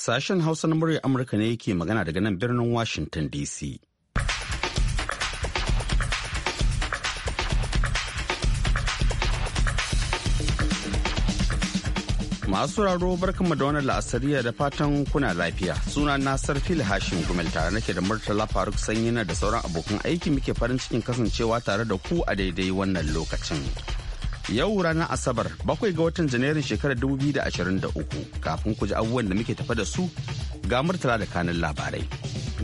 Sashen Hausa na muryar Amurka ne yake magana daga nan birnin Washington DC. Masu raro barkanmu da wani la'asariya da fatan kuna lafiya. Suna Nasar Fil Hashim Gumel tare nake da Murtala Faruk Sanyina da sauran abokan aiki muke farin cikin kasancewa tare da ku a daidai wannan lokacin. Yau ranar Asabar bakwai ga watan Janairun shekarar 2023 kafin ku ji abubuwan da muke tafa da su ga murtala da kanin labarai.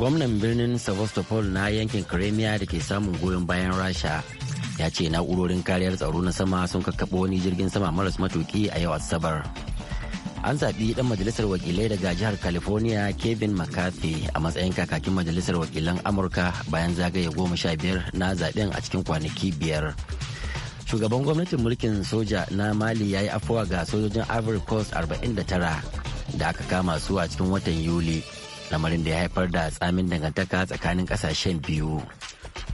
Gwamnan birnin Sevastopol na yankin Crimea da ke samun goyon bayan Rasha ya ce na'urorin kariyar tsaro na sama sun kakkaɓo wani jirgin sama maras matuki a yau Asabar. an zaɓi ɗan majalisar wakilai daga jihar california kevin mccarthy a matsayin kakakin majalisar wakilan amurka bayan zagaye goma sha biyar na zaɓen a cikin kwanaki biyar shugaban gwamnatin mulkin soja na mali ya yi afuwa ga sojojin ivory coast 49 da aka kama su a cikin watan yuli lamarin da ya haifar da tsamin dangantaka tsakanin kasashen biyu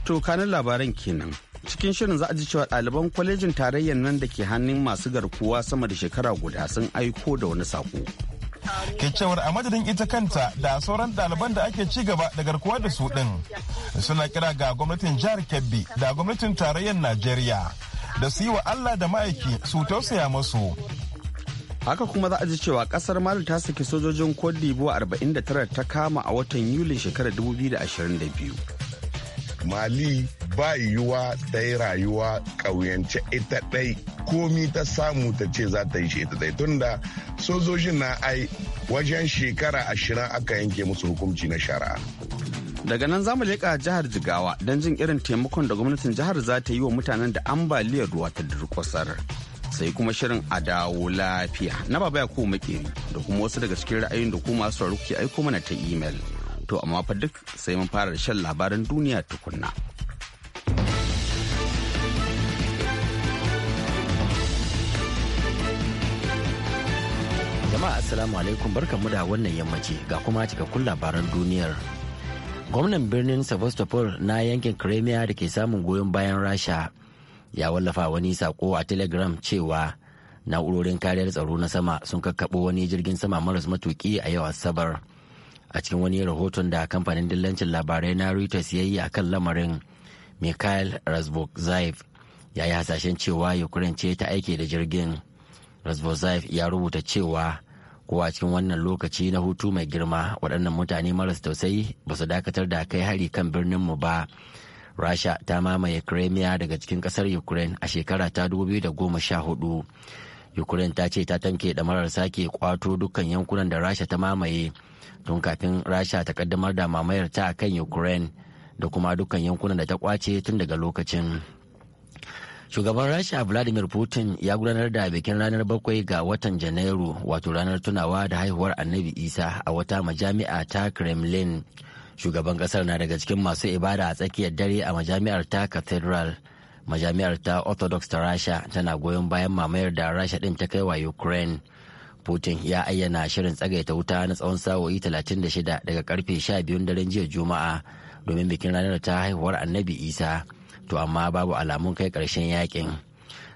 to kanin labaran kenan cikin shirin za a ji cewa ɗaliban kwalejin tarayyar nan da ke hannun masu garkuwa sama da shekara guda sun aiko da wani sako ke cewar a madadin ita kanta da sauran ɗaliban da ake ci gaba da garkuwa da su ɗin suna kira ga gwamnatin jihar kebbi da gwamnatin tarayyar najeriya da su yi wa Allah da ma'aiki su tausaya masu. Haka kuma za a ji cewa kasar Mali ta saki sojojin Cote d'Ivoire 49 ta kama a watan yuli shekarar 2022. Mali ba yiwuwa da yi rayuwa ƙauyance ita ɗai komi ta samu ta ce za ta yi shi ita ɗai tunda sojojin na ai wajen shekara ashirin aka yanke musu hukunci na shari'a. daga nan zamu leƙa jihar jigawa don jin irin taimakon da gwamnatin jihar za ta yi wa mutanen da ambaliyar ruwa ta durƙusar sai kuma shirin a dawo lafiya na baba ya kuma makeri da kuma wasu daga cikin ra'ayin da kuma masu sauraro ke aiko mana ta imel to amma fa duk sai mun fara da shan labaran duniya tukunna jama'a assalamu alaikum barkanmu da wannan yammaci ga kuma cikakkun labaran duniyar gwamnan birnin sebastopol na yankin crimea da ke samun goyon bayan rasha ya wallafa wani sako a telegram cewa na'urorin kariyar tsaro na sama sun kakkaɓo wani jirgin sama maras matuki a yau asabar a cikin wani rahoton da kamfanin dillancin labarai na reuters ya yi a kan lamarin mikhail razbokzaev ya yi hasashen cewa ukraine ce ta aike da jirgin razbokzaev ya rubuta cewa kowa cikin wannan lokaci na hutu mai girma waɗannan mutane maras tausayi ba su dakatar da kai hari kan birnin mu ba rasha ta mamaye crimea daga cikin ƙasar ukraine a shekara ta 2014 ukraine ta ce ta tamke marar sake kwato dukkan yankunan da rasha ta mamaye tun kafin rasha ta kaddamar da mamayar ta kan ukraine da kuma dukkan yankunan da ta kwace tun daga lokacin shugaban rasha vladimir putin ya gudanar da bikin ranar bakwai ga watan janairu wato ranar tunawa da haihuwar annabi isa a wata majami'a ta kremlin shugaban kasar na daga cikin masu ibada a tsakiyar dare a majami'ar ta cathedral majami'ar ta orthodox ta rasha tana goyon bayan mamayar da rasha din ta kai wa ukraine putin ya ayyana shirin tsagaita wuta na tsawon sa'o'i 36 daga karfe 12 daren jiya juma'a domin bikin ranar ta haihuwar annabi isa to amma babu alamun kai karshen yakin.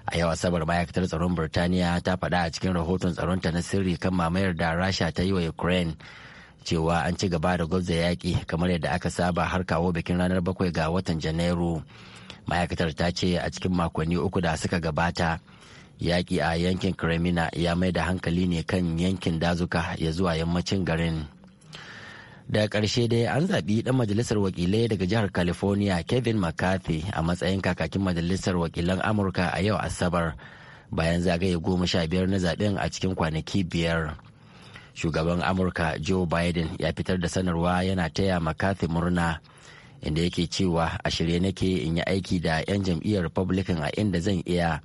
a yau asabar ma'aikatar tsaron birtaniya ta faɗa a cikin rahoton tsaronta na sirri kan mamayar da rasha ta yi wa ukraine cewa an ci gaba da gwabza yaƙi kamar yadda aka saba har kawo bikin ranar bakwai ga watan janairu ma'aikatar ta ce a cikin makonni uku da suka gabata yaƙi a yankin kremina ya mai da hankali ne kan yankin dazuka ya zuwa yammacin garin Da ƙarshe dai an zaɓi ɗan majalisar wakilai daga jihar california kevin mccarthy a matsayin kakakin majalisar wakilan amurka a yau asabar bayan zagaye goma sha biyar na zaɓen a cikin kwanaki biyar shugaban amurka joe biden ya fitar da sanarwa yana taya mccarthy murna inda yake cewa a shirye nake in yi aiki da 'yan jam'iyyar republican a inda zan iya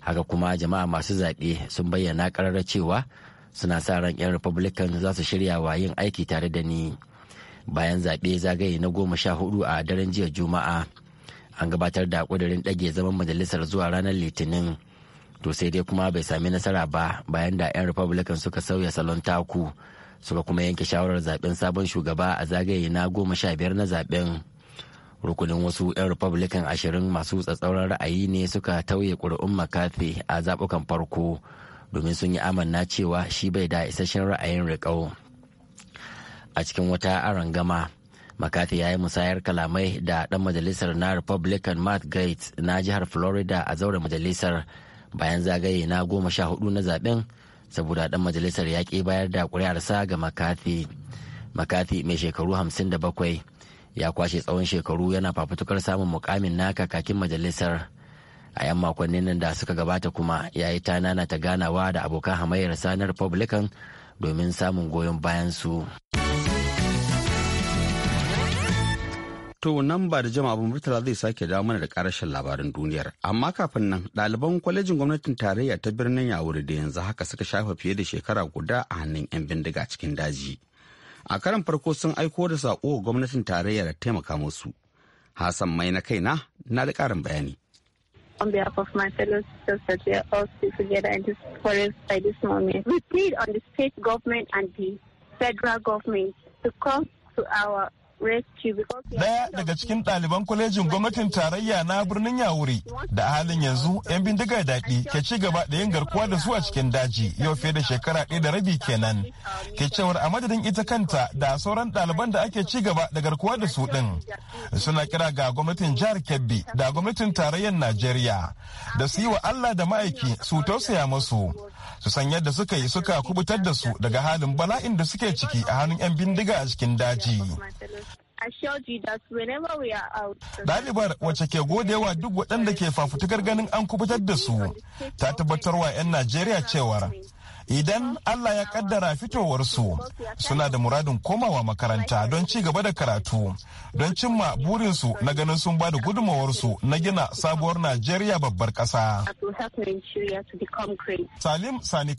haka kuma jama'a masu zaɓe sun bayyana ƙararra cewa suna sa ran 'yan republican za su shirya wa yin aiki tare da ni bayan zaɓe zagaye na goma sha hudu a daren jiya juma'a an gabatar da ƙudurin ɗage zaman majalisar zuwa ranar litinin to sai dai kuma bai sami nasara ba bayan da 'yan republican suka sauya salon taku suka kuma yanke shawarar zaben sabon shugaba a zagaye na goma sha biyar na zaben rukunin wasu 'yan republican ashirin masu tsatsauran ra'ayi ne suka tauye ƙuri'un makafi a zaɓukan farko domin sun yi amanna cewa shi bai da isasshen ra'ayin riƙau a cikin wata arangama makati ya yi musayar kalamai da ɗan majalisar na republican matt gates na jihar florida a zauren majalisar bayan zagaye na goma sha hudu na zaben saboda ɗan majalisar ya ƙi bayar da ƙuri'arsa ga makati makati mai shekaru hamsin da bakwai ya kwashe tsawon shekaru yana fafutukar samun mukamin na kakakin majalisar a 'yan makonnin nan da suka gabata kuma ya yi ta ganawa da abokan hamayyarsa na republican domin samun goyon bayan su. To nan ba da jama'a Murtala zai sake dawo mana da karashin labarin duniyar. Amma kafin nan ɗaliban kwalejin gwamnatin tarayya ta birnin Yawuri da yanzu haka suka shafa fiye da shekara guda a hannun 'yan bindiga cikin daji. A karan farko sun aiko da saƙo gwamnatin tarayya da taimaka musu. Hassan mai na kaina na da ƙarin bayani. on behalf of my fellow sisters that we are all still together in this forest by this moment. We plead on the state government and the federal government to come to our Daya daga cikin ɗaliban kwalejin gwamnatin tarayya na birnin Yawuri da a halin yanzu 'yan bindiga daɗi ke ci gaba da yin garkuwa da su a cikin daji yau fiye da shekara ɗaya da rabi kenan. Ke cewar a madadin ita kanta da sauran ɗaliban da ake ci gaba da garkuwa da su ɗin. Suna kira ga gwamnatin jihar Kebbi da gwamnatin tarayyar Najeriya da su yi wa Allah da ma'aiki su tausaya musu. Su san yadda suka yi suka kubutar da su daga halin bala'in da suke ciki a hannun 'yan bindiga a cikin daji. Ɗalibar wacce ke godewa duk waɗanda ke fafutukar ganin an kubutar da su ta tabbatarwa 'yan Najeriya cewar idan Allah ya kaddara fitowarsu suna da muradin komawa makaranta don ci gaba da karatu don cimma burinsu na ganin sun bada da gudunmawarsu na gina sabuwar Najeriya babbar ƙasa. Salim Sani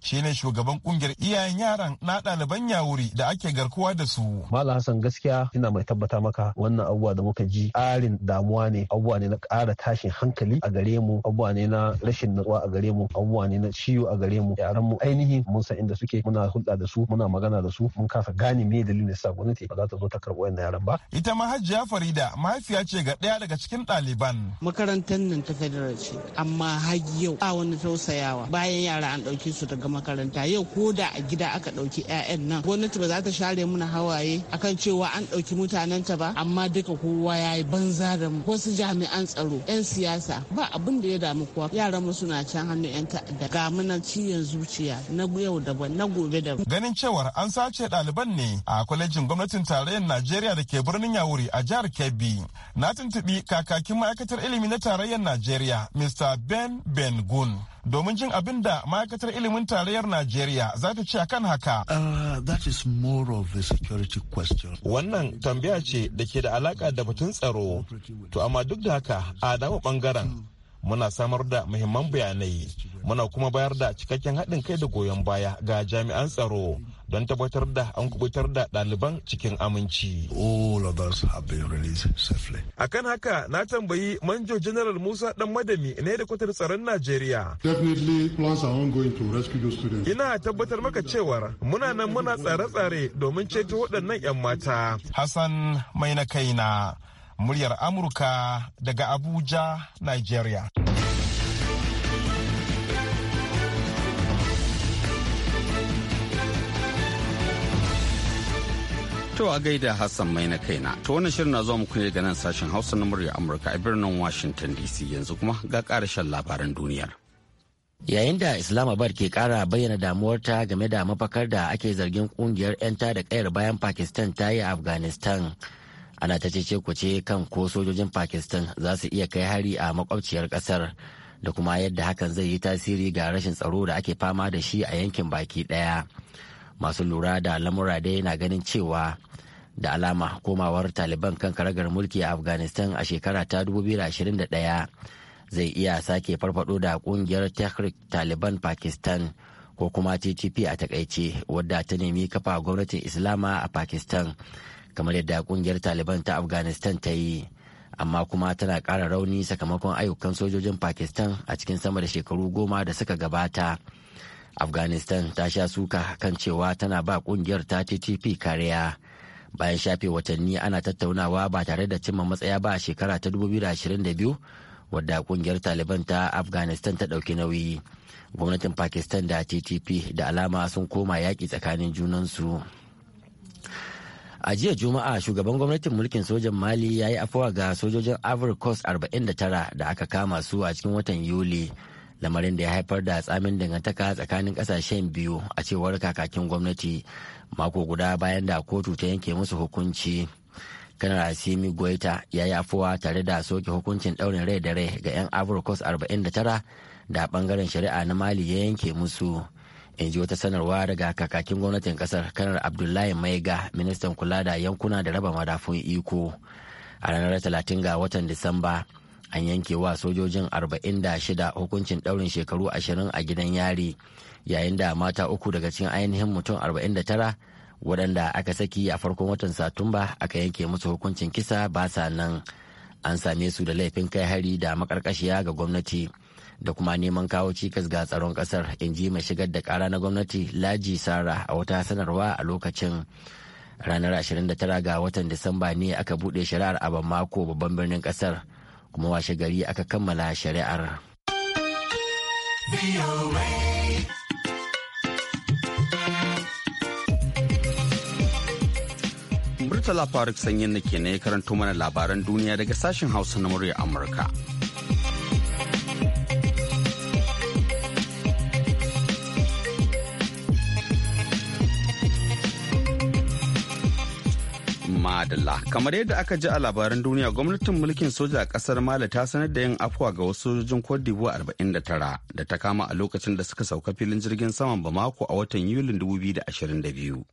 shi ne shugaban kungiyar iyayen yaran na ɗaliban yawuri da ake garkuwa da su. Malam Hassan gaskiya ina mai tabbata maka wannan abubuwa da muka ji ƙarin damuwa ne abubuwa ne na ƙara tashin hankali a gare mu abubuwa ne na rashin natsuwa a gare mu abubuwa ne na ciwo a gare mu yaran mu ainihi mun san inda suke muna hulɗa da su muna magana da su mun kasa gane me dalilin sa gwamnati ba za ta zo ta karɓo wannan yaran ba ita ma Hajiya Farida mahaifiya ce ga ɗaya daga cikin ɗaliban makarantar nan ta federal ce amma har yau a wani tausayawa bayan yara an ɗauke su daga makaranta yau ko da a gida aka ɗauki 'ya'yan nan gwamnati ba za ta share muna hawaye akan cewa an ɗauki mutanen ta ba amma duka kowa ya yi banza da mu wasu jami'an tsaro 'yan siyasa ba abin da ya damu kowa yaran mu suna can hannun 'yan ta'adda ga muna ci zuciya na yau daban na gobe daban. Ganin cewar an sace ɗaliban ne a kwalejin gwamnatin tarayyar Najeriya da ke birnin Yawuri a jihar Kebbi. Na tuntubi kakakin ma'aikatar ilimi na tarayyar Najeriya Mr. Ben Ben Gun. domin jin abin da ma'aikatar ilimin tarayyar Najeriya za ta ce akan haka. a kan haka. Uh, Wannan tambaya ce da ke da alaka da batun tsaro. To amma duk da haka a damu bangaren muna samar da muhimman bayanai muna kuma bayar da cikakken haɗin kai da goyon baya ga jami'an tsaro don tabbatar da an kubutar da ɗaliban cikin aminci. A kan haka na tambayi manjo General Musa Dan Madami na kwatar tsaron Najeriya. Ina tabbatar maka cewar muna nan muna tsare-tsare domin ceto waɗannan 'yan mata. Hassan mai na kaina muryar Amurka daga Abuja, Nigeria. To a gaida Hassan mai na kaina, to wannan shirin na zuwa muku ne daga nan sashen Hausa na muryar Amurka a birnin Washington DC yanzu kuma ga karashen labaran duniyar. Yayin da Islamabad ke kara bayyana damuwarta game da mafakar da ake zargin kungiyar 'yan da kayar bayan Pakistan ta yi Afghanistan. ana ta cece kuce kan ko sojojin pakistan za su iya kai hari a makwabciyar kasar da kuma yadda hakan zai yi tasiri ga rashin tsaro da ake fama da shi a yankin baki daya masu lura da lamura dai na ganin cewa da alama komawar taliban kan karagar mulki a afghanistan a shekara ta 2021 zai iya sake farfado da kungiyar tehrik taliban pakistan ko kuma ttp a takaice wadda ta nemi kafa gwamnatin islama a pakistan kamar yadda kungiyar taliban ta afghanistan ta yi amma kuma tana kara rauni sakamakon ayyukan sojojin pakistan a cikin sama da shekaru goma da suka gabata afghanistan ta sha suka kan cewa tana ba kungiyar ta ttp kariya bayan shafe watanni ana tattaunawa ba tare da cimma matsaya ba a shekara ta 2022 wadda kungiyar taliban ta afghanistan ta ɗauki nauyi gwamnatin pakistan da ttp da alama sun koma yaki tsakanin junansu. a jiya juma'a shugaban gwamnatin mulkin sojan mali ya yi afuwa ga sojojin ivory coast 49 da aka kama su a cikin watan yuli lamarin da ya haifar da tsamin dangantaka tsakanin kasashen biyu a cewar kakakin gwamnati mako guda bayan da kotu ta yanke musu hukunci kanar asimi goita ya yi afuwa tare da soke hukuncin daurin rai da rai ga 'yan ivory coast 49 da bangaren shari'a na mali ya yanke musu in ji wata sanarwa daga kakakin gwamnatin kasar kanar abdullahi maiga ministan kula da yankuna da raba madafun iko a ranar 30 ga watan disamba an yanke wa sojojin 46 hukuncin daurin shekaru 20 a gidan yari yayin da mata uku daga cikin ainihin mutum 49 waɗanda aka saki a farkon watan satumba aka yanke musu hukuncin kisa ba sa nan an same su da laifin kai hari da makarkashiya ga gwamnati. da kuma neman kawo cikas ga tsaron kasar in ji mai shigar da kara na gwamnati laji sara a wata sanarwa a lokacin ranar 29 ga watan disamba ne aka buɗe shari'ar a mako babban birnin kasar kuma washe gari aka kammala shari'ar Murtala Faruk Sanyin da ke ne karanto mana labaran duniya daga sashen Hausa na murya Amurka adalla Kamar yadda aka ji a labaran duniya gwamnatin mulkin soja a kasar Mali ta sanar da yin afuwa ga wasu sojojin kodibu d'Ivoire 49 da ta kama a lokacin da suka sauka filin jirgin saman Bamako a watan Yulin 2022.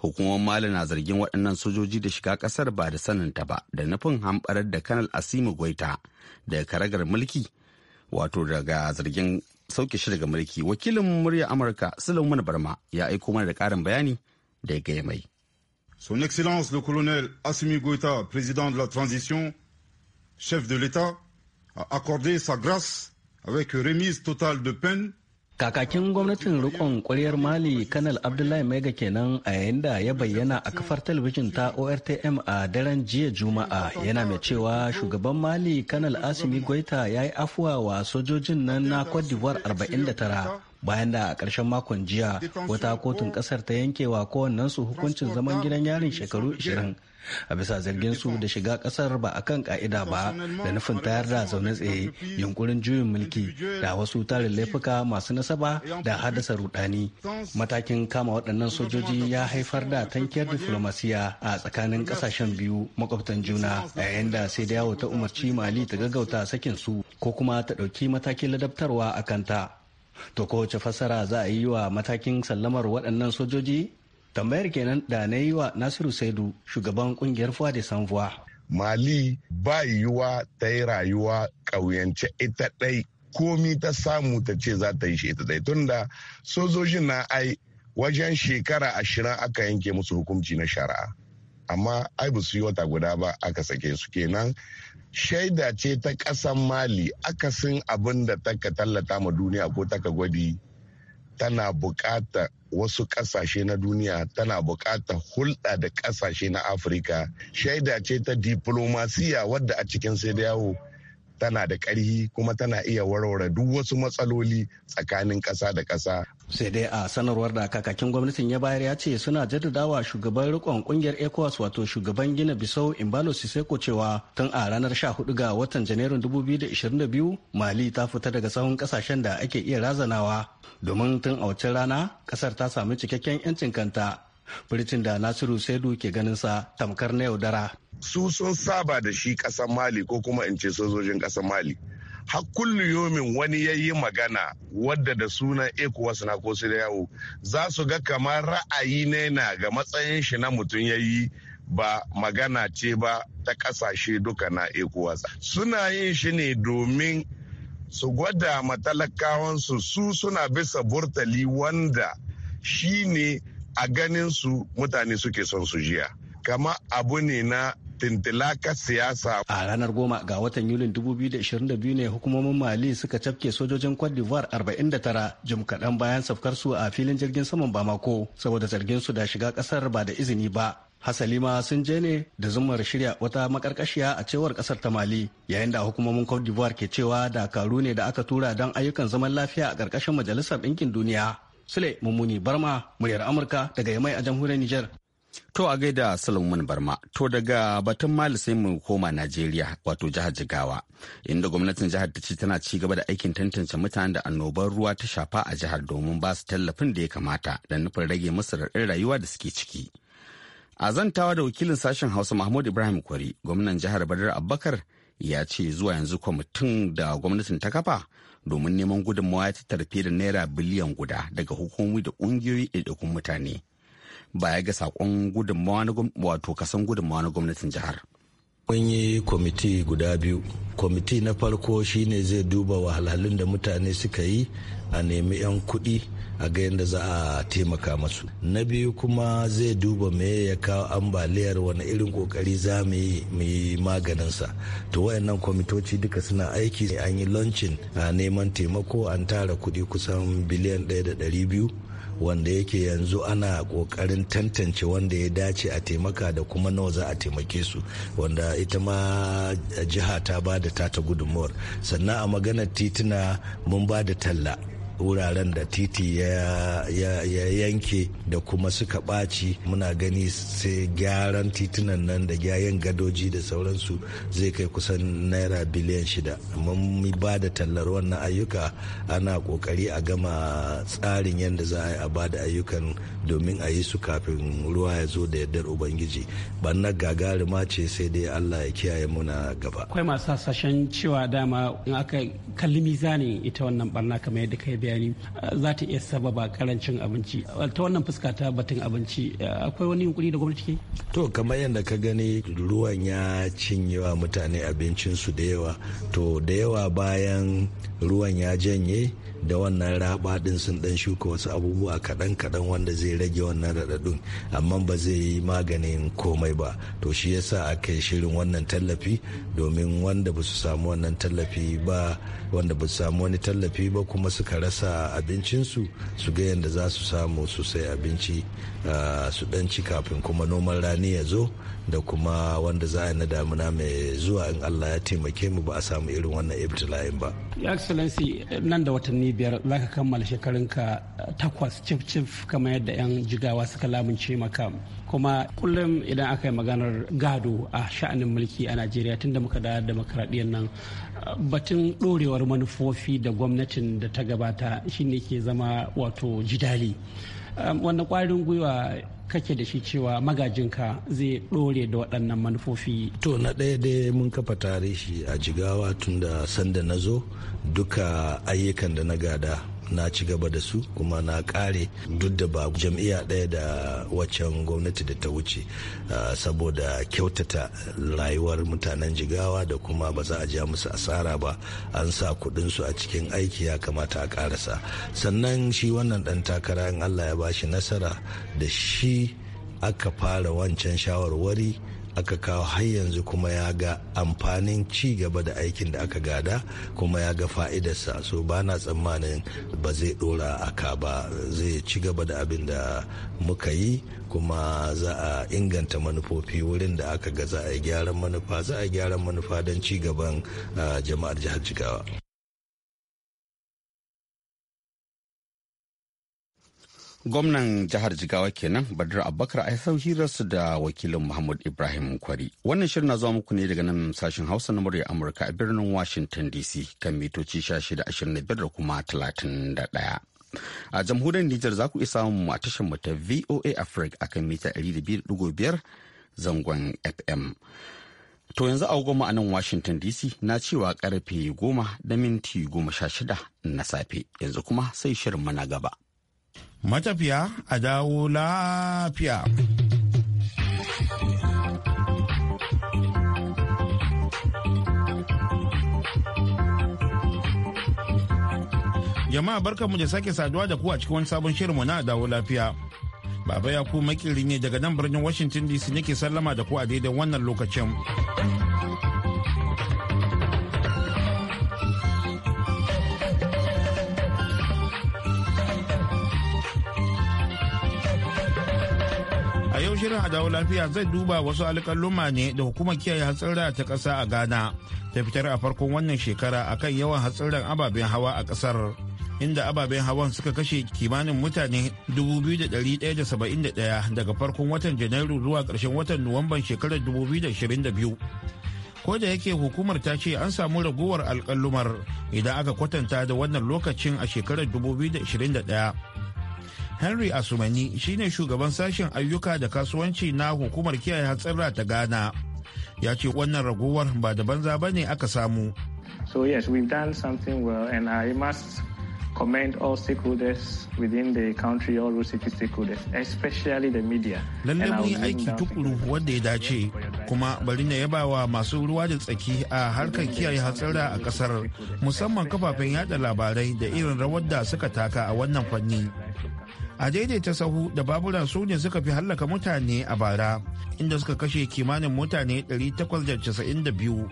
Hukumar Mali na zargin waɗannan sojoji da shiga kasar ba da saninta ba da nufin hamɓarar da Kanal Asimu Gwaita da karagar mulki wato daga zargin sauke shi daga mulki. Wakilin murya Amurka Sulaiman Barma ya aiko mana da ƙarin bayani da ya mai. Son Excellence le colonel Assimi Goïta, président de la transition, chef de l'État, a accordé sa grâce avec remise totale de peine Kakakin gwamnatin rikon kwaliyar Mali Kanal Abdullahi mega kenan a yayin da ya bayyana a kafar talabijin ta ORTM a daren jiya Juma'a yana mai cewa shugaban Mali Kanal Asimi Goita ya yi afuwa wa sojojin nan na Cote d'Ivoire 49 bayan da a ƙarshen makon jiya wata kotun ƙasar ta yankewa kowannensu hukuncin zaman gidan yarin shekaru 20 a bisa zargin su da shiga ƙasar ba a kan ƙa'ida ba da nufin tayar da zaune tsaye yunkurin juyin mulki da wasu tarin laifuka masu nasaba da haddasa rudani matakin kama waɗannan sojoji ya haifar da tankiyar diflomasiya a tsakanin ƙasashen biyu makwabtan juna yayin da sai da yawo ta umarci mali ta gaggauta sakin su ko kuma ta ɗauki matakin ladabtarwa a kanta To kowace fassara za a yi wa matakin sallamar waɗannan sojoji? Tambayar kenan da na yi wa Nasiru Saidu shugaban kungiyar Fuwa da Sanfuwa. Mali ba yiwuwa ta yi rayuwa ƙauyance ita ɗai komi ta samu ta ce za ta yi shi ita ɗai tunda sojojin na ai wajen shekara ashirin aka yanke musu hukunci na shari'a amma ai ba su yi wata guda ba aka sake su kenan shaida ce ta ƙasan mali akasin abin da taka tallata ma duniya ko taka gwadi tana bukata wasu ƙasashe na duniya tana bukata hulɗa da ƙasashe na afirka shaida ce ta diplomasiya wadda a cikin sai da yawo tana da ƙarhi kuma tana iya warware duk wasu matsaloli tsakanin ƙasa da ƙasa. sai dai a sanarwar da kakakin gwamnatin ya bayar ya ce suna jaddadawa shugaban rikon kungiyar ecowas wato shugaban gina bisau imbalo siseko cewa tun a ranar 14 ga watan janairun 2022 mali ta fita daga sahun kasashen da ake iya razanawa domin tun a wacce rana kasar ta sami cikakken 'yancin kanta Biritin da Nasiru Saidu ke ganin sa tamkar na yaudara. Su sun saba da shi ƙasar Mali ko kuma in ce sojojin ƙasar Mali. Hakkullu yomin wani ya yi magana wadda da sunan ecowas na ko su yawo za su ga kamar ra'ayi ne na ga matsayin shi na mutum ya yi ba magana ce ba ta ƙasashe duka na ecowas suna yin shi ne domin su gwada matalakawansu su suna bisa burtali wanda shi ne a ganin su mutane suke son su jiya kama abu ne na tintilaka siyasa. A ranar goma ga watan Yulin 2022 ne hukumomin Mali suka cafke sojojin Cote d'Ivoire 49 jim kaɗan bayan safkarsu a filin jirgin saman Bamako saboda zargin su da shiga ƙasar ba da izini ba. hasali ma sun je ne da zumar shirya wata makarkashiya a cewar kasar ta Mali yayin da hukumomin Cote d'Ivoire ke cewa dakaru ne da aka tura don ayyukan zaman lafiya a ƙarƙashin Majalisar Ɗinkin Duniya. Sule Mummuni Barma muryar Amurka daga Yamai a jamhuriyar Nijar. To a gaida Solomon Barma, to daga batun Mali sai mu koma Najeriya wato jihar Jigawa, inda gwamnatin jihar ta ce tana ci gaba da aikin tantance mutanen da annobar ruwa ta shafa a jihar domin ba su tallafin da ya kamata da nufin rage musu raɗin rayuwa da suke ciki. A zantawa da wakilin sashen Hausa Mahmud Ibrahim Kwari, gwamnan jihar Badar Abubakar ya ce zuwa yanzu kwamitin da gwamnatin ta kafa domin neman gudunmawa ta tarfe da naira biliyan guda daga hukumomi da ƙungiyoyi ɗaiɗaikun mutane baya ga sakon gudunmawa kasan gudunmawa na gwamnatin jihar. mun yi kwamiti guda biyu kwamiti na farko shine zai duba wahalhalun da mutane suka yi a nemi 'yan kuɗi a ga yadda za a taimaka masu na biyu kuma zai duba me ya kawo ambaliyar wani irin kokari za mu yi maganinsa to wayannan kwamitoci duka suna aiki an yi launching a neman taimako an tara kuɗi kusan biliyan ɗaya da ɗari biyu wanda yake yanzu ana kokarin tantance wanda ya dace a taimaka da kuma nawa za a taimake su wanda ita ma jiha ta ba da tata gudunmuwar sannan a maganar tituna mun ba da talla wuraren da titi ya, yanke da kuma suka ɓaci muna gani sai gyaran titunan nan da gyayen gadoji da sauransu zai kai kusan naira biliyan shida mun ba da tallar wannan ayyuka ana kokari a gama tsarin yadda za a yi a ba da ayyukan domin a yi su kafin ruwa ya zo da yardar ubangiji banna gagarima ce sai dai allah ya kiyaye muna gaba akwai masu hasashen cewa dama in aka kalli mizanin ita wannan barna kamar yadda kai bayani za ta iya sababa karancin abinci ta wannan fuska ta batun abinci akwai wani yunkuri da gwamnati ke to kamar yadda ka gani ruwan ya cinye wa mutane abincinsu da yawa to da yawa bayan ruwan ya janye da wannan raba din sun dan shuka wasu abubuwa kaɗan kaɗan wanda zai rage wannan raɗaɗin amma ba zai yi maganin komai ba to shi yasa aka yi shirin wannan tallafi domin wanda ba su samu wannan tallafi ba wanda ba su samu wani tallafi ba kuma suka rasa abincinsu su ga yadda za su samu su sai abinci ah, su ɗanci kafin kuma noman rani ya zo da kuma wanda za a yi na damuna mai zuwa in Allah ya taimake mu ba a samu irin wannan ibtila'in ba. Ya Excellency nan da watanni biyar za ka kammala shekarunka takwas cif cif kamar yadda 'yan jigawa suka lamunce maka kuma kullum idan aka yi maganar gado a sha'anin mulki a Najeriya tun da muka da demokaradiyyar nan batun ɗorewar manufofi da gwamnatin da ta gabata shine ke zama wato jidali. Um, wanda kwarin gwiwa kake da shi cewa magajinka zai ɗore da waɗannan manufofi? To na ɗaya dai mun kafa tarihi a jigawa tunda sanda na zo duka ayyukan da na gada na ci gaba da su kuma na kare duk da ba jam'iyya ɗaya da waccan gwamnati da ta wuce saboda kyautata rayuwar mutanen jigawa da kuma ba za a ja musu asara ba an sa su a cikin aiki ya kamata a karasa sannan shi wannan ɗan takara in allah ya bashi nasara da shi aka fara wancan shawarwari aka kawo har yanzu kuma ya ga amfanin ci gaba da aikin da aka gada kuma ya ga fa'idarsa so ba na tsammanin ba zai dora aka ba zai ci gaba da abin da muka yi kuma za a inganta manufofi wurin da aka ga za a gyaran manufa za a gyaran manufa don ci gaban ah, jama'ar jihar jigawa gwamnan jihar jigawa kenan badar abubakar a yasau hirarsu da wakilin muhammad ibrahim kwari wannan shirin na zuwa muku ne daga nan sashen hausa na murya amurka a birnin washington dc kan mitoci 1625 da kuma 31 a jamhuriyar nijar za ku isa mu a tashar mu ta voa africa a kan mita 200.5 zangon fm to yanzu a goma a nan washington dc na cewa karfe goma da minti goma sha shida na safe yanzu kuma sai shirin mana gaba matafiya a dawo lafiya. Jama'a barkanmu da sake saduwa da ku a cikin wani sabon shirinmu na dawo lafiya. Baba ya ku makiri ne daga nan birnin Washington DC nake sallama da ku a daidai wannan lokacin. shirin a dawo lafiya zai duba wasu alƙaluma ne da hukumar kiyaye hatsira ta ƙasa a Ghana ta fitar a farkon wannan shekara akan yawan hatsiran ababen hawa a ƙasar. Inda ababen hawan suka kashe kimanin mutane 2,171 daga farkon watan Janairu zuwa ƙarshen watan Nuwamban shekarar 2022. ko da yake hukumar ta ce an samu raguwar alkalumar idan aka kwatanta da wannan lokacin a shekarar 2021 henry asumani shine shugaban sashen ayyuka da kasuwanci na hukumar kiyaye hatsarra ta ghana ya ce wannan ragowar ba da banza ba ne aka samu so yes we've done something well and i must commend all stakeholders within the country, all road city stakeholders, especially the media. Lalle mun yi aiki tukuru wanda ya dace, kuma bari na yaba wa masu ruwa da tsaki a harkar kiyaye hatsara a kasar, musamman kafafen yada labarai da irin rawar da suka taka a wannan fanni. a daidaita sahu da babura su ne suka fi hallaka mutane a bara inda suka kashe kimanin mutane 892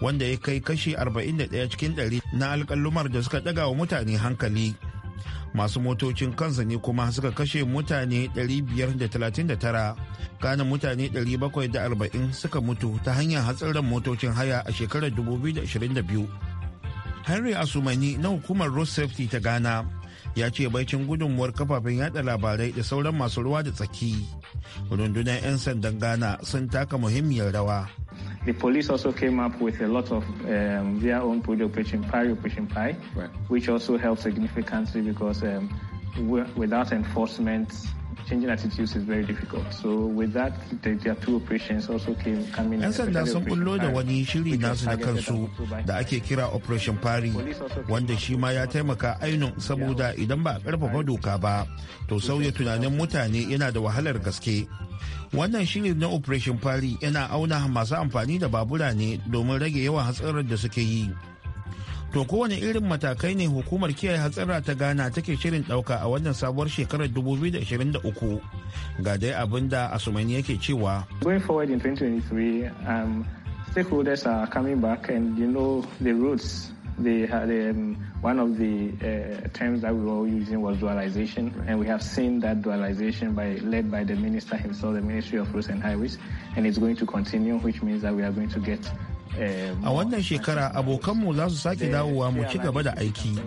wanda ya kai kashe 41 cikin 100 na alkalumar da suka daga wa mutane hankali masu motocin kansa ne kuma suka kashe mutane 539 kanan mutane 740 suka mutu ta hanyar hatsarin motocin haya a shekarar 2022 henry asumani na hukumar road safety ta ghana ya ce baicin gudunmuwar kafafen yada labarai da sauran masu ruwa da tsaki rundunar 'yan sandan ghana sun taka muhimmiyar rawa The police also came up with a lot of um, their own project, Pushing Pie, Pushing Pie, right. which also helped significantly because um, without enforcement, changing is very difficult. So with that, the, Yan sanda sun bullo da wani shiri nasu na kansu da ake kira Operation Pari wanda shi ma ya taimaka ainun saboda idan ba a karfafa doka ba to sauya tunanin mutane yana da wahalar gaske. Wannan shirin na Operation Pari yana auna masu amfani da babura ne domin rage yawan hatsarar da suke yi. To kowane irin matakai ne hukumar kiyaye hatsara ta Ghana take shirin ɗauka a wannan sabuwar shekarar 2023 ga dai abin da Asumani yake cewa. Going forward in 2023, um, stakeholders are coming back and you know the roots they had um, one of the uh, terms that we were using was dualization, and we have seen that dualization by led by the minister himself, the Ministry of Roads and Highways, and it's going to continue, which means that we are going to get A wannan shekara abokanmu za su sake dawowa mu ci gaba da aiki.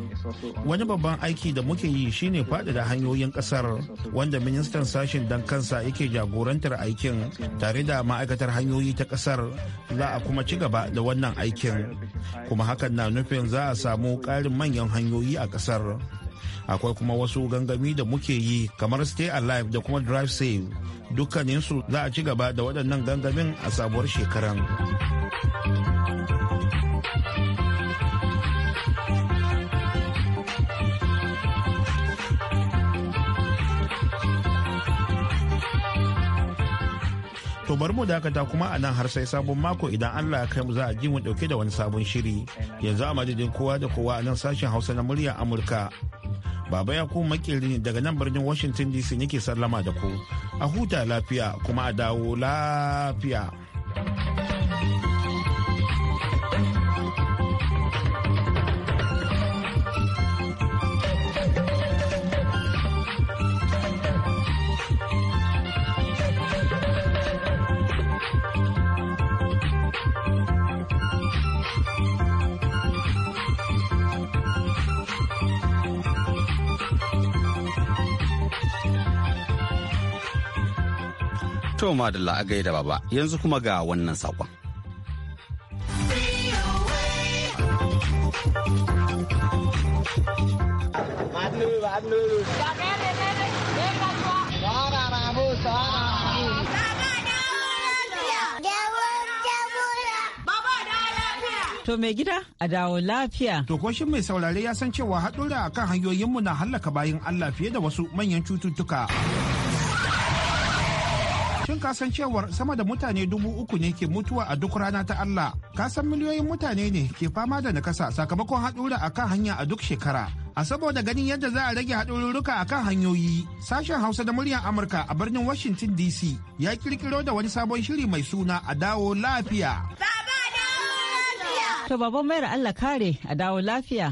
Wani babban aiki da muke yi shine faɗaɗa hanyoyin ƙasar wanda ministan sashen dan kansa yake jagorantar aikin tare da ma'aikatar hanyoyi ta ƙasar za a kuma ci gaba da wannan aikin. Kuma hakan na nufin za a samu ƙarin manyan hanyoyi a ƙasar. akwai kuma wasu gangami da muke yi kamar stay alive da kuma drive safe dukkaninsu za a ci gaba da waɗannan gangamin a sabuwar shekaran To bari mu dakata kuma a nan har sai sabon mako idan Allah ya kai mu za a ji mu dauke da wani sabon shiri. Yanzu a madadin kowa da kowa a nan sashen Hausa na murya Amurka. Baba ya ku makeri daga nan birnin Washington DC nake sallama da ku. A huta lafiya kuma a dawo lafiya. To madalla a gaida baba yanzu kuma ga wannan saƙon. To mai gida a dawo lafiya. To mai saurare ya san cewa haɗura akan hanyoyinmu na hallaka bayan Allah fiye da wasu manyan cututtuka. Shin cewar sama da mutane dubu uku ne ke mutuwa a duk rana ta Allah? Kasan miliyoyin mutane ne ke fama da nakasa sakamakon haɗura a kan hanya a duk shekara. A saboda ganin yadda za a rage haɗururruka a kan hanyoyi, sashen Hausa da muryar Amurka a birnin Washington DC ya kirkiro da wani sabon shiri mai suna a dawo lafiya. Baba dawo lafiya! To baban mayar Allah kare a dawo lafiya.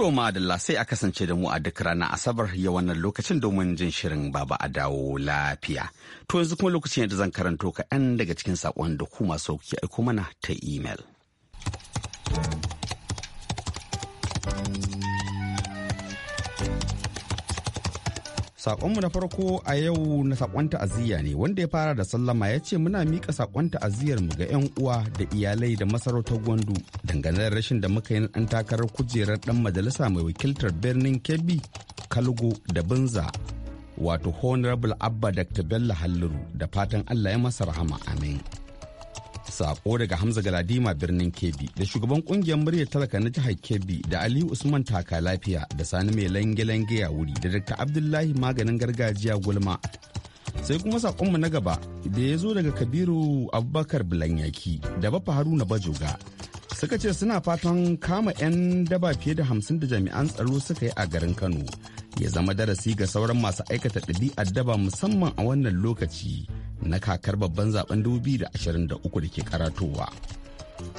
To madalla sai a kasance da mu a duk rana Asabar ya wannan lokacin domin jin shirin baba a dawo lafiya. To yanzu kuma lokacin yadda zan karanto kaɗan daga cikin saƙon da ku masu aiko mana ta imel. Saƙonmu na farko a yau na saƙon ta'aziyya ne wanda ya fara da sallama ya ce muna miƙa saƙon ta'aziyyar mu ga 'yan uwa da iyalai da masarautar gwandu dangane da rashin da muka yi ɗan takarar kujerar ɗan majalisa mai wakiltar birnin Kebbi, Kalgo da Binza wato Honorable Abba Dr. Bello Halliru da fatan Allah ya masa rahama amin. sako daga hamza galadima birnin kebbi da shugaban kungiyar muryar talaka na jihar kebbi da aliyu usman taka lafiya da sani mai lange-lange ya wuri da dr abdullahi maganin gargajiya gulma sai kuma sakonmu na gaba da ya zo daga kabiru abubakar bulanyaki da bafa haruna bajoga suka ce suna fatan kama 'yan daba fiye da hamsin da jami'an tsaro suka yi a garin kano ya zama darasi ga sauran masu aikata ɗabi'ar daba musamman a wannan lokaci na kakar babban zaben 2023 da ke karatowa.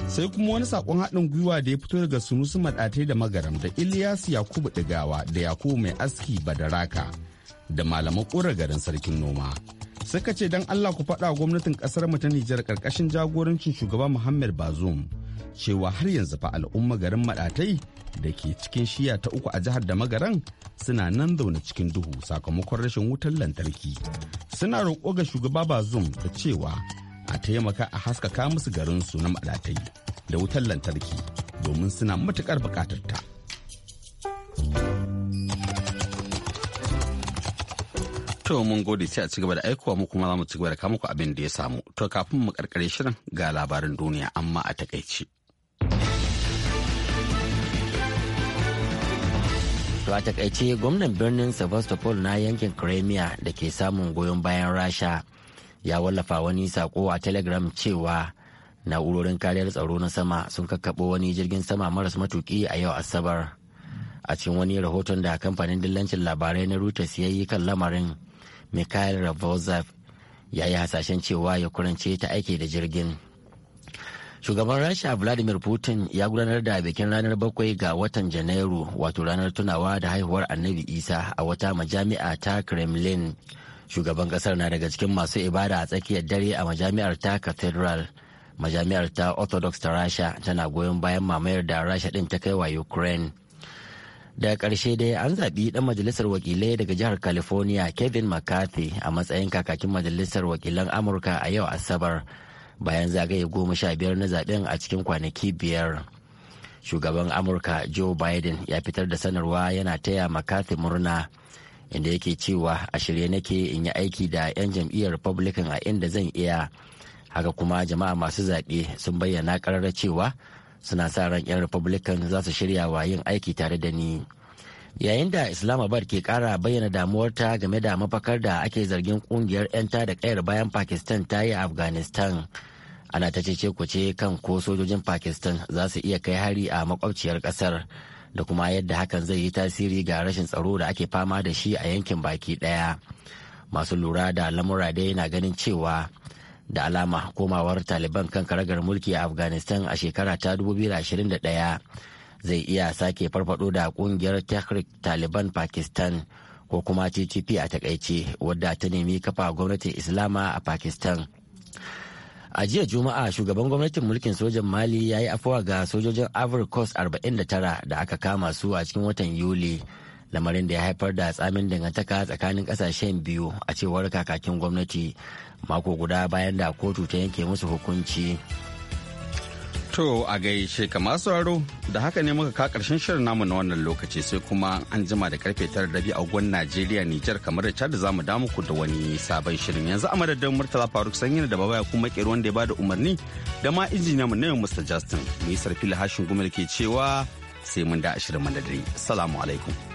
sai kuma wani sakon haɗin gwiwa da ya fito daga sunusu maɗatai da magaram da ilyas yakubu ɗigawa da yakubu mai aski badaraka da malaman ƙura garin sarkin noma suka ce don allah ku faɗa gwamnatin ƙasar mu ta nijar ƙarƙashin jagorancin shugaba muhammad bazoum cewa har yanzu fa al'umma garin madatai da ke cikin shiya ta uku a jihar da magaran suna nan zaune cikin duhu sakamakon rashin wutar lantarki suna roƙo ga shugaba bazum da cewa a taimaka a haskaka musu garin su na madatai da wutar lantarki domin suna matuƙar buƙatar ta. To mun gode sai a ci gaba da aikowa mu kuma za mu ci gaba da ku abin da ya samu. To kafin mu karkare shirin ga labarin duniya amma a takaici. To a takaice gwamnan birnin Sevastopol na yankin Crimea da ke samun goyon bayan Rasha ya wallafa wani sako a Telegram cewa na'urorin kariyar tsaro na sama sun kakkaɓo wani jirgin sama maras matuki a yau Asabar. A cikin wani rahoton da kamfanin dillancin labarai na Reuters ya yi kan lamarin Mikhail Ravozov ya yi hasashen cewa ya kurance ta aiki da jirgin. shugaban rasha vladimir putin ya gudanar da bikin ranar bakwai ga watan janairu wato ranar tunawa da haihuwar annabi isa a wata majami'a ta kremlin shugaban kasar na daga cikin masu ibada a tsakiyar dare a majami'ar ta cathedral majami'ar ta orthodox ta rasha tana goyon bayan mamayar da rasha din ta kai wa ukraine Da ƙarshe dai an zaɓi ɗan majalisar wakilai daga jihar california kevin mccarthy a matsayin kakakin majalisar wakilan amurka a yau asabar bayan zagaye goma sha biyar na zaben a cikin kwanaki biyar shugaban amurka joe biden ya fitar da sanarwa yana taya makafi murna inda yake cewa a shirye nake in yi aiki da 'yan jam'iyyar republican a inda zan iya haka kuma jama'a masu zaɓe sun bayyana karar cewa suna sa ran 'yan republican za su shirya wa yin aiki tare da ni yayin da islamabad ke kara bayyana damuwarta game da mafakar da ake zargin kungiyar 'yan da kayar bayan pakistan ta yi afghanistan ana ta cece kuce kan ko sojojin pakistan za su iya kai hari a makwabciyar kasar da kuma yadda hakan zai yi tasiri ga rashin tsaro da ake fama da shi a yankin baki daya masu lura da lamura dai na ganin cewa da alama komawar taliban kan karagar mulki a afghanistan a shekara ta 2021 zai iya sake farfado da kungiyar tehrik taliban pakistan ko kuma ttp a takaice wadda ta nemi kafa gwamnatin islama a pakistan a jiya juma'a shugaban gwamnatin mulkin sojan mali ya yi afuwa ga sojojin ivory coast 49 da aka kama su a cikin watan yuli lamarin da ya haifar da tsamin dangantaka tsakanin kasashen biyu a cewar kakakin gwamnati mako guda bayan da kotu ta yanke musu hukunci To a gaishe ka masu raro da haka ne muka ka karshen shirin namu na wannan lokaci sai kuma an jima da karfe tara da rabi a gwan Najeriya Nijar kamar da da za mu ku da wani sabon shirin yanzu a madadin Murtala Faruk sanyin da baba ya kuma wanda ya bada umarni da ma injiniya mu yau Mr Justin ni sarfi Hashin Gumel ke cewa sai mun da ashirin madadin salamu alaikum.